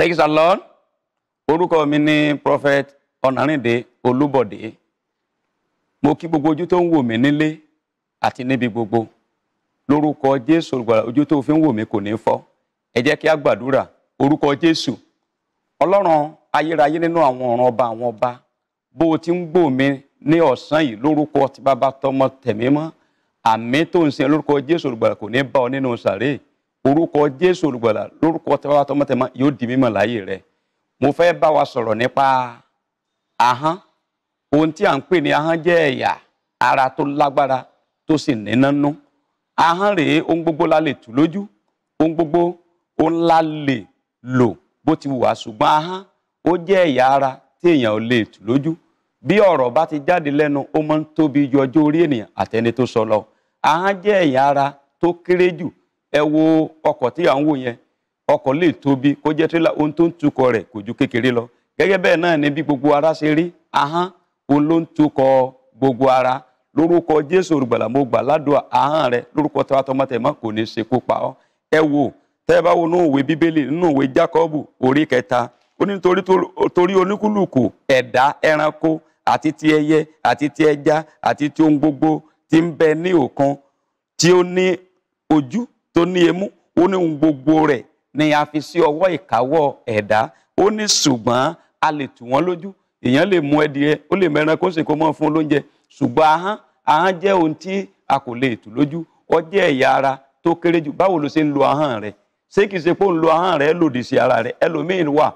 praise the lord orúkọ mi ní prophet ọ̀nàrìndé olúbọ̀dé mo kí gbogbo ojú tó ń wò mí nílé àti níbi gbogbo lórúkọ jésù olùgbàlà ojú tó fi ń wò mí kò ní fọ́ ẹ jẹ́ kí a gbàdúrà orúkọ jésù ọlọ́run ayérayé nínú àwọn ọ̀ràn ọba àwọn ọba bó o ti ń gbò mí ní ọ̀sán yìí lórúkọ ti bàbá tọmọ tẹ̀mí mọ́ àmì tó ń sin lórúkọ jésù olùgbàlà kò ní bá ọ nínú sàréè orúkọ jésù olùgbàlà lórúkọ tẹwàá tọmọtẹmọ yóò di mímọ̀ láàyè rẹ mo fẹ́ bá wa sọ̀rọ̀ nípa ahọ́n ohun tí a ń pè ní ahọ́n jẹ́ ẹ̀yà ara tó lágbára tó sì níná nú ahọ́n rèé ohun gbogbo la lè tù lójú ohun gbogbo ohun la lè lò bó ti wà ṣùgbọ́n ahọ́n ó jẹ́ ẹ̀yà ara tí èèyàn ò lè tù lójú bí ọ̀rọ̀ bá ti jáde lẹ́nu ó máa ń tóbi ju ọjọ́ orí ènìyàn àtẹni tó sọ lọ ahọ́n jẹ́ ẹ̀yà ara tó kéré jù ẹ wo ọkọ̀ tí à ń wò yẹn ọkọ̀ lè tóbi kó jẹ́ tírélà ohun tó ń tukọ̀ rẹ̀ kò ju kékeré lọ gẹ́gẹ́ bẹ́ẹ̀ náà ni bí gbogbo ara ṣe rí ahọ́n òun ló ń tukọ̀ gbogbo ara lórúkọ Jésù olùgbàlà mo gbà ládùúgbà ahọ́n rẹ lórúkọ tó atọ́mọ tẹ̀ mọ́ kò ní ṣe kó pa ọ́ ẹ wò tẹ́ ẹ bá wo nínú ìwé bíbélì nínú ìwé Jákọ́bù orí kẹta ó torí oníkúlùkù ẹ̀dá ẹranko àti ti ẹyẹ àti ti ẹja àti ti ohun gbogbo tí ń bẹ ní òkun tí ó ní ojú tó ní emú ó ní ohun gbogbo rẹ̀ ni a fi sí ọwọ́ ìkáwọ́ ẹ̀dá ó ní ṣùgbọ́n a lè tù wọ́n lójú èèyàn lè mú ẹdìyẹ ó lè mẹran kó sì kó mọ́ fún lóúnjẹ ṣùgbọ́n ahọ́n ahọ́n jẹ́ ohun tí a kò lè tù lójú ó jẹ́ ẹ̀yà ara tó kéré jù báwo ló ṣe ń lo ahọ́n rẹ̀ ṣé kìí ṣe pé ó ń lo ahọ́n rẹ̀ lòdì sí ara rẹ̀ ẹlòmíín wà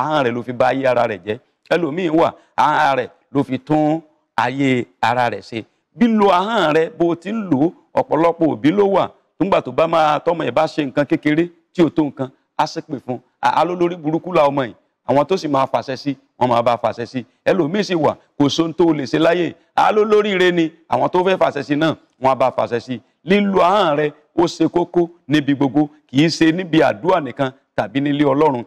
ahọ́n rẹ̀ ló fi bà ayé ara rẹ̀ jẹ́ ẹlòmíín wà ahọ́n rẹ̀ ló fi tún ayé ara rẹ̀ ṣe bí lo ahọ́n rẹ̀ bó ti ń lò ọ̀pọ̀lọpọ̀ òbí ló wà ńgbà tó bá máa tọmọ ẹ̀ bá ṣe nǹkan kékeré tí ò tó nǹkan á ṣépè fún alólórí burúkú la ọmọ yìí àwọn tó sì máa fàṣẹ sí wọn máa bá fàṣẹ sí ẹlòmíín sì wà kò sóhun tó lè ṣe láyè alólóríire ni àwọn tó fẹ́ fàṣẹ sí náà wọn á bá fàṣẹ sí lílo ahọ́n rẹ ó ṣe kókó níbi gbogbo kì í ṣe níbi àdúrà nìkan tàbí nílé ọlọ́run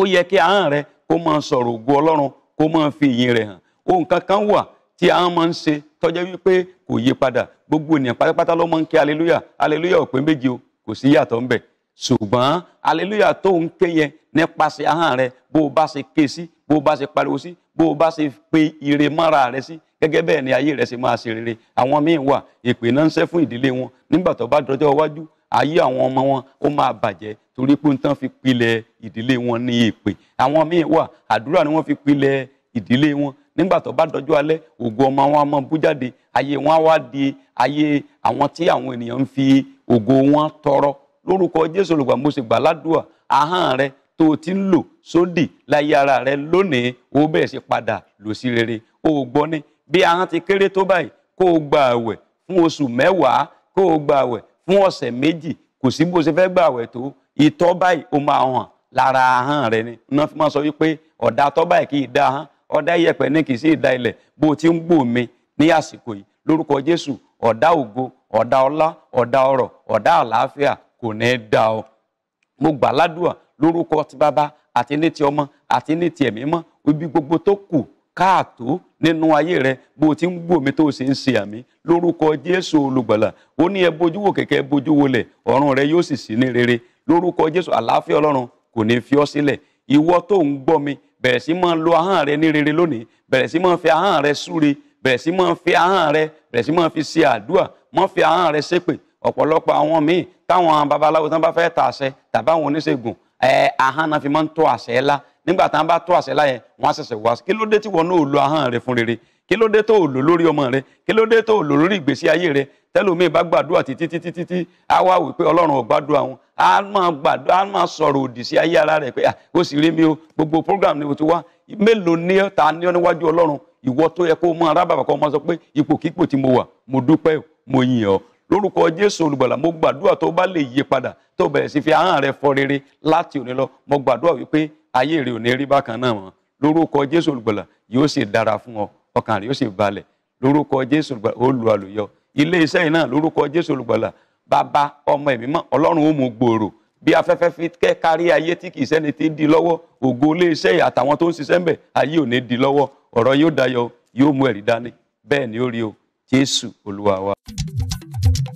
ó yẹ kí ahọ́n rẹ kó máa sọ̀rọ̀ ògo ọlọ́run kó máa fi ìyìn rẹ̀ hàn ohun kankan wà tí ahọ́n máa ń ṣe tó wípé kò yí padà gbogbo ènìyàn pátápátá ló máa ń ké hallelujah hallelujah ò pé méjì o kò sí yàtọ̀ ńbẹ̀ ṣùgbọ́n hallelujah tó ń ké yẹn nípasẹ̀ ahọ́n rẹ bó o bá ṣe ké sí bó o bá ṣe pariwo sí bó o bá ṣe pe ire mọ́ra rẹ sí gẹ́gẹ́ bẹ́ẹ̀ ni ayé rẹ ṣe máa ṣe rere àwọn míín wà èpè náà ń ṣẹ́ fún ìdílé wọn nígbà tó bá dọjọ́ iwájú ayé àwọn ọmọ wọn ó máa bàjẹ́ torí pé ń tán fi pilẹ̀ ìdílé wọn ní èpè àwọn míín wà àdúrà ni wọ́n fi pilẹ̀ ìdílé wọn nígbà tó bá dọjọ́ alẹ́ ògo ọmọ wọn á mọ bú jáde ayé wọn á wá di ayé àwọn tí àwọn ènìyàn ń fi ògo wọn tọrọ lórúkọ Jésù olùgbà mo sì gbà ládùúà ahọ́n rẹ tó o ti ń lò sódì láyé ara rẹ lónìí ó bẹ̀rẹ̀ sí padà lò sí rere ó gbọ́ ní bí ahọ́n ti kéré tó báyìí kó o gba àwẹ̀ fún oṣù mẹ́wàá kó o gba àwẹ̀ fún ọ̀sẹ̀ méjì kò sí bó ṣe fẹ́ gba àwẹ̀ tó ìtọ́ báyìí ó máa hàn lára ahọ́n rẹ ni wọ́n fi máa sọ wípé ọ̀dà tọ́ báyìí kì í dá ahọ́n ọ̀dá iyẹ̀pẹ̀ ní kì í sí ìdá ilẹ̀ bó ti ń gbò mí ní àsìkò yìí lórúkọ Jésù ọ̀dá ògo ọ̀dá ọlá ọ̀dá ọrọ̀ ọ̀dá àlàáfíà kò ní í ọ. mo gbà ládùúà lórúkọ ti bàbá àti ní ti ọmọ àti ní ti ẹ̀mí mọ́ ibi gbogbo tó kù káàtó nínú ayé rẹ bó ti ń gbòmí tó sì ń ṣe àmì lórúkọ Jésù olùgbàlà ó ní ẹ bójú wò kẹkẹ bójú wọlẹ̀ ọ̀run rẹ yóò sì sí ní rere lórúkọ Jésù àlàáfíà Ọlọ́run kò ní fi ọ́ sílẹ̀ ìwọ tó ń mi bẹ̀rẹ̀ sí máa lo ahọ́n rẹ ní rere lónìí bẹ̀rẹ̀ sí máa fi ahọ́n rẹ súre bẹ̀rẹ̀ sí máa fi ahọ́n rẹ bẹ̀rẹ̀ sí máa fi ṣe àdúà máa fi ahọ́n rẹ ṣépè ọ̀pọ̀lọpọ̀ àwọn míì táwọn babaláwo tán bá fẹ́ ta àṣẹ tàbí àwọn oníṣègùn ahọ́n náà fi máa ń tó àṣẹ lá nígbà tá a bá tó àṣẹ láyẹn wọn á ṣẹ̀ṣẹ̀ wá kí ló dé tí wọn náà lo ahọ́n rẹ fún rere kí ló dé tó lò lórí ọmọ rẹ kí ló dé tó lò lórí ìgbésí ayé rẹ tẹlómi bá gbàdúrà títí títí títí á wá wípé ọlọ́run ò gbàdúrà wọn á máa gbàdúrà á máa sọ̀rọ̀ òdì sí ayé ara rẹ pé ó sì rí mi o gbogbo program ni mo ti wá mélòó ni ta ni ọ níwájú ọlọ́run ìwọ tó yẹ kó máa rábàbà kó máa sọ pé ipòkípò tí mo wà mo dúpẹ́ mo yìn ọ́ lórúkọ jésù olùgbàlà mo gbàdúrà tó bá lè yí padà tó bẹ̀rẹ̀ sí fi ahọ́n rẹ fọ rere láti òní lọ mo gbàdúrà wípé ayé rẹ ò ní rí bákan náà mọ́ lórúkọ jésù olùgbàlà yóò sì dára fún ọ ọkàn rẹ yóò sì balẹ̀ lórúkọ jésù olùgbàlà ó lu àlùyọ ilé iṣẹ́ yìí náà lórúkọ jésù olùgbàlà bàbá ọmọ ẹ̀mí mọ́ ọlọ́run ó mú gbòòrò bí afẹ́fẹ́ fi kẹ́ kárí ayé tí kì í sẹ́ni tí di lọ́wọ́ ògo ilé iṣẹ́ yìí àtàwọn tó ń ṣiṣẹ́ ń bẹ̀ ayé ò ní di lọ́wọ́ ọ̀rọ̀ yóò dayọ̀ yóò mú ẹ̀rí dání bẹ́ẹ̀ ni ó rí o jésù olúwa wa. thank you